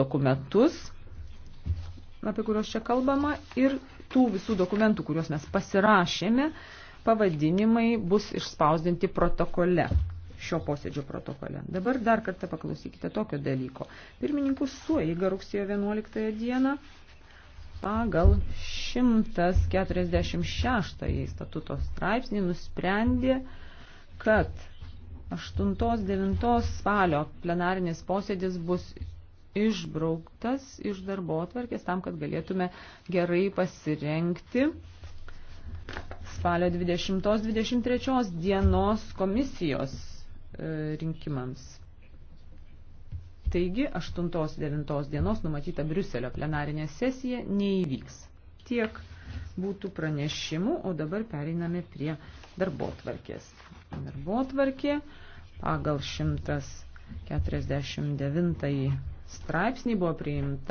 dokumentus, apie kuriuos čia kalbama, ir tų visų dokumentų, kuriuos mes pasirašėme, pavadinimai bus išspausdinti protokole, šio posėdžio protokole. Dabar dar kartą paklausykite tokio dalyko. Pirmininkų sueiga rugsėjo 11 dieną pagal 146 statuto straipsnį nusprendė, kad 8-9 spalio plenarinis posėdis bus išbrauktas iš darbo atvarkės tam, kad galėtume gerai pasirenkti spalio 20-23 dienos komisijos e, rinkimams. Taigi 8-9 dienos numatyta Briuselio plenarinė sesija neįvyks. Tiek būtų pranešimų, o dabar pereiname prie darbotvarkės. Darbotvarkė pagal 149 straipsnį buvo priimta.